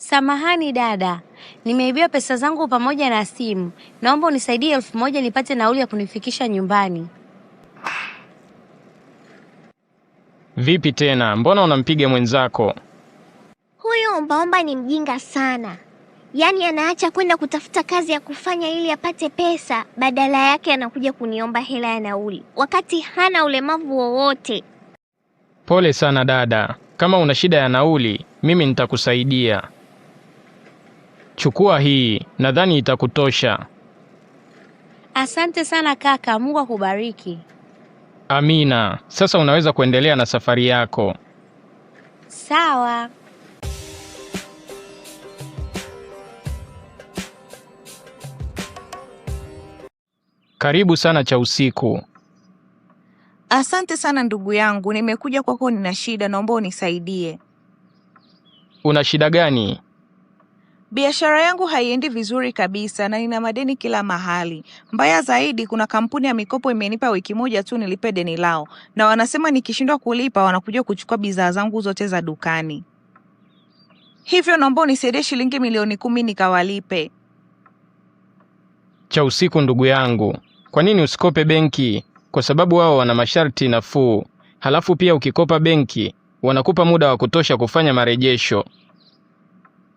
Samahani dada, nimeibiwa pesa zangu pamoja na simu. Naomba unisaidie elfu moja nipate nauli ya kunifikisha nyumbani. Vipi tena, mbona unampiga mwenzako huyu? Ombaomba ni mjinga sana, yaani anaacha kwenda kutafuta kazi ya kufanya ili apate pesa, badala yake anakuja kuniomba hela ya nauli wakati hana ulemavu wowote. Pole sana dada, kama una shida ya nauli mimi nitakusaidia. Chukua hii, nadhani itakutosha. Asante sana kaka, Mungu akubariki. Amina. Sasa unaweza kuendelea na safari yako. Sawa. Karibu sana cha usiku. Asante sana ndugu yangu, nimekuja kwako, nina shida, naomba unisaidie. Una shida gani? Biashara yangu haiendi vizuri kabisa na nina madeni kila mahali. Mbaya zaidi, kuna kampuni ya mikopo imenipa wiki moja tu nilipe deni lao, na wanasema nikishindwa kulipa wanakuja kuchukua bidhaa zangu zote za dukani. Hivyo naomba unisaidie shilingi milioni kumi nikawalipe. Cha usiku, ndugu yangu, kwa nini usikope benki? Kwa sababu wao wana masharti nafuu, halafu pia ukikopa benki wanakupa muda wa kutosha kufanya marejesho.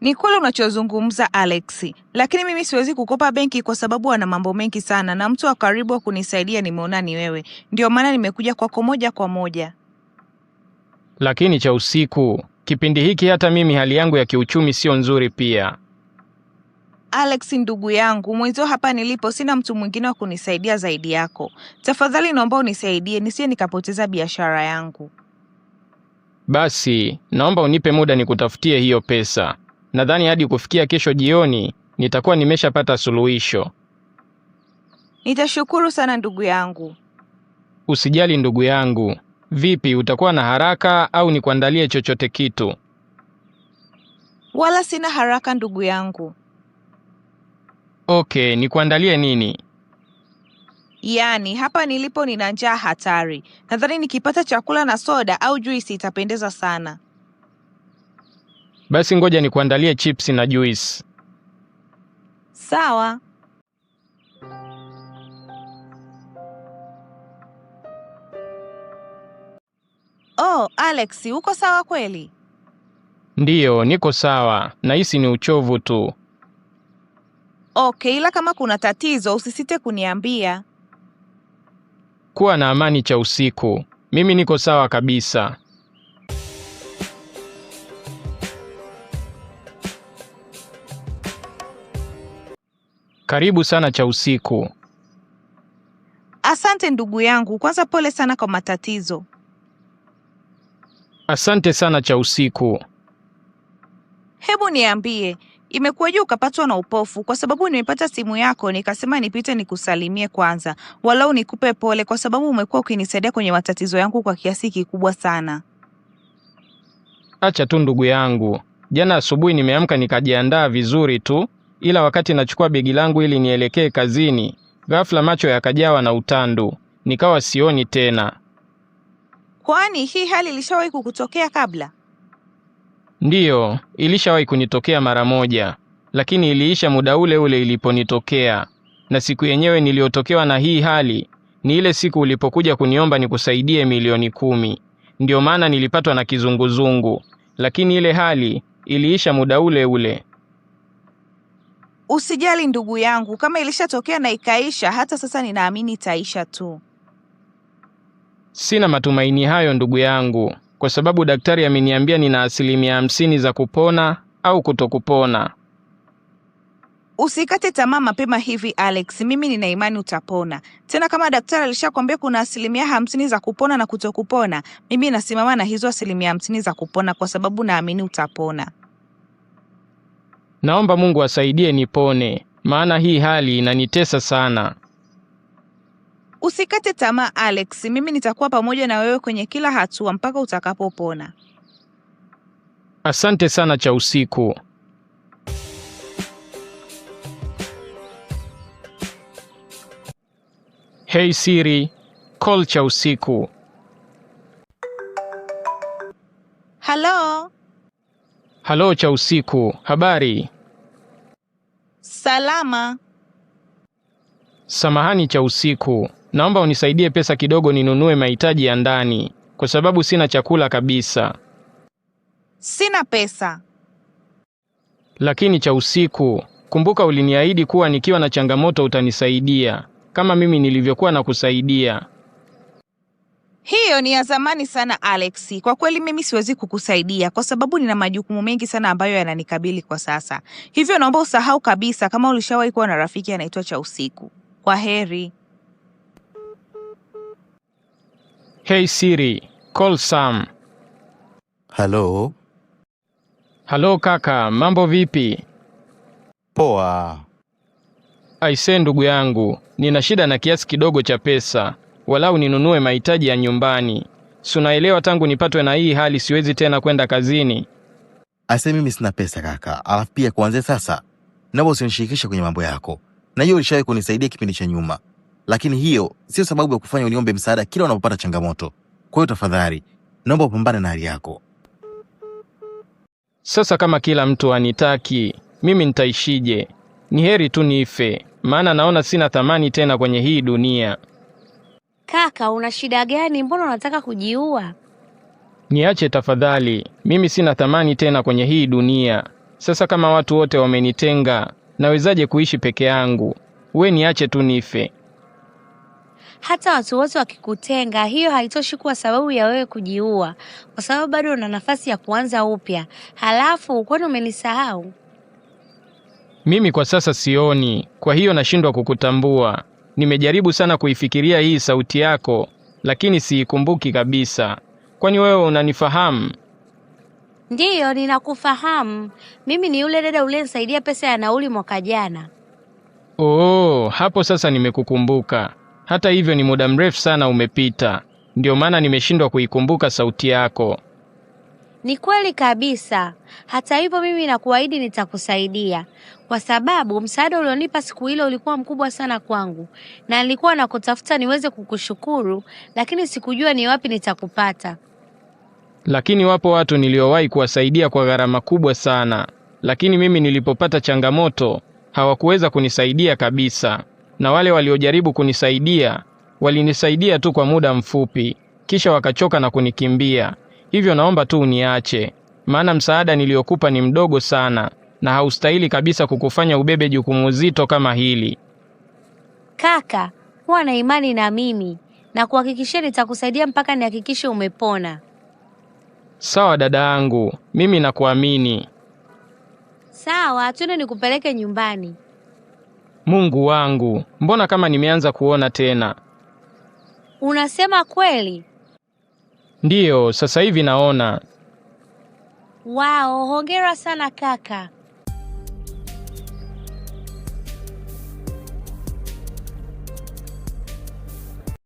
Ni kweli unachozungumza Alex, lakini mimi siwezi kukopa benki kwa sababu ana mambo mengi sana, na mtu wa karibu wa kunisaidia nimeona ni wewe, ndio maana nimekuja kwako moja kwa moja. Lakini cha usiku kipindi hiki, hata mimi hali yangu ya kiuchumi sio nzuri pia. Alex ndugu yangu mwenzio, hapa nilipo sina mtu mwingine wa kunisaidia zaidi yako. Tafadhali naomba unisaidie nisije nikapoteza biashara yangu. Basi naomba unipe muda nikutafutie hiyo pesa. Nadhani hadi kufikia kesho jioni nitakuwa nimeshapata suluhisho. Nitashukuru sana ndugu yangu. Usijali ndugu yangu. Vipi, utakuwa na haraka au nikuandalie chochote kitu? Wala sina haraka ndugu yangu. Okay, nikuandalie nini? Yaani hapa nilipo nina njaa hatari. Nadhani nikipata chakula na soda au juisi itapendeza sana. Basi ngoja nikuandalie chips na juice. Sawa. Oh, Alex, uko sawa kweli? Ndiyo, niko sawa. Nahisi ni uchovu tu. Okay, ila kama kuna tatizo usisite kuniambia. Kuwa na amani cha usiku. Mimi niko sawa kabisa. Karibu sana cha usiku. Asante ndugu yangu, kwanza pole sana kwa matatizo. Asante sana cha usiku. Hebu niambie, imekuwaje ukapatwa na upofu? Kwa sababu nimepata simu yako nikasema nipite nikusalimie kwanza, walau nikupe pole, kwa sababu umekuwa ukinisaidia kwenye matatizo yangu kwa kiasi kikubwa sana. Acha tu ndugu yangu, jana asubuhi nimeamka nikajiandaa vizuri tu, ila wakati nachukua begi langu ili nielekee kazini, ghafla macho yakajawa na utandu, nikawa sioni tena. Kwani hii hali ilishawahi kukutokea kabla? Ndiyo, ilishawahi kunitokea mara moja, lakini iliisha muda ule ule iliponitokea. Na siku yenyewe niliyotokewa na hii hali ni ile siku ulipokuja kuniomba nikusaidie milioni kumi. Ndiyo maana nilipatwa na kizunguzungu, lakini ile hali iliisha muda ule ule. Usijali ndugu yangu, kama ilishatokea na ikaisha, hata sasa ninaamini itaisha tu. Sina matumaini hayo ndugu yangu, kwa sababu daktari ameniambia nina asilimia hamsini za kupona au kutokupona. Usikate tamaa mapema hivi Alex, mimi nina imani utapona. Tena kama daktari alishakwambia kuna asilimia hamsini za kupona na kutokupona, mimi nasimama na hizo asilimia hamsini za kupona, kwa sababu naamini utapona. Naomba Mungu asaidie nipone, maana hii hali inanitesa sana. Usikate tamaa Alex, mimi nitakuwa pamoja na wewe kwenye kila hatua mpaka utakapopona. Asante sana cha usiku. Hey Siri, call cha usiku. Halo cha usiku, habari? Salama. Samahani cha usiku, naomba unisaidie pesa kidogo ninunue mahitaji ya ndani kwa sababu sina chakula kabisa. Sina pesa. Lakini cha usiku, kumbuka uliniahidi kuwa nikiwa na changamoto utanisaidia kama mimi nilivyokuwa na kusaidia hiyo ni ya zamani sana Alex. Kwa kweli mimi siwezi kukusaidia kwa sababu nina majukumu mengi sana ambayo yananikabili kwa sasa, hivyo naomba usahau kabisa kama ulishawahi kuwa na rafiki anaitwa cha usiku. Kwa heri. Hey Siri, call Sam. Halo. Halo kaka, mambo vipi? Poa. Aise ndugu yangu, nina shida na kiasi kidogo cha pesa walau ninunue mahitaji ya nyumbani. Si unaelewa, tangu nipatwe na hii hali siwezi tena kwenda kazini. Ase mimi sina pesa kaka, alafu pia kuanzia sasa naomba usinishirikishe kwenye mambo yako. na hiyo ulishawahi kunisaidia kipindi cha nyuma, lakini hiyo sio sababu ya kufanya uniombe msaada kila unapopata changamoto. Kwa hiyo tafadhali, naomba upambane na hali yako. Sasa kama kila mtu anitaki mimi, nitaishije? Ni heri tu nife, maana naona sina thamani tena kwenye hii dunia. Kaka, una shida gani? Mbona unataka kujiua? Niache tafadhali, mimi sina thamani tena kwenye hii dunia. Sasa kama watu wote wamenitenga, nawezaje kuishi peke yangu? We niache tu nife. Hata watu wote wakikutenga, hiyo haitoshi kuwa sababu ya wewe kujiua, kwa sababu bado una nafasi ya kuanza upya. Halafu kwani umenisahau? Mimi kwa sasa sioni, kwa hiyo nashindwa kukutambua. Nimejaribu sana kuifikiria hii sauti yako, lakini siikumbuki kabisa. Kwani wewe unanifahamu? Ndiyo, ninakufahamu. Mimi ni yule dada uliyenisaidia pesa ya nauli mwaka jana. Oh, hapo sasa nimekukumbuka. Hata hivyo ni muda mrefu sana umepita, ndio maana nimeshindwa kuikumbuka sauti yako. Ni kweli kabisa. Hata hivyo, mimi nakuahidi nitakusaidia, kwa sababu msaada ulionipa siku ile ulikuwa mkubwa sana kwangu, na nilikuwa nakutafuta niweze kukushukuru, lakini sikujua ni wapi nitakupata. Lakini wapo watu niliowahi kuwasaidia kwa gharama kubwa sana, lakini mimi nilipopata changamoto hawakuweza kunisaidia kabisa, na wale waliojaribu kunisaidia walinisaidia tu kwa muda mfupi, kisha wakachoka na kunikimbia hivyo naomba tu uniache, maana msaada niliyokupa ni mdogo sana na haustahili kabisa kukufanya ubebe jukumu zito kama hili. Kaka, huwa na imani na mimi na kuhakikishia nitakusaidia mpaka nihakikishe umepona. Sawa dada yangu, mimi nakuamini. Sawa, twende nikupeleke nyumbani. Mungu wangu, mbona kama nimeanza kuona tena? Unasema kweli? Ndiyo, sasa hivi naona. Wao, hongera sana kaka.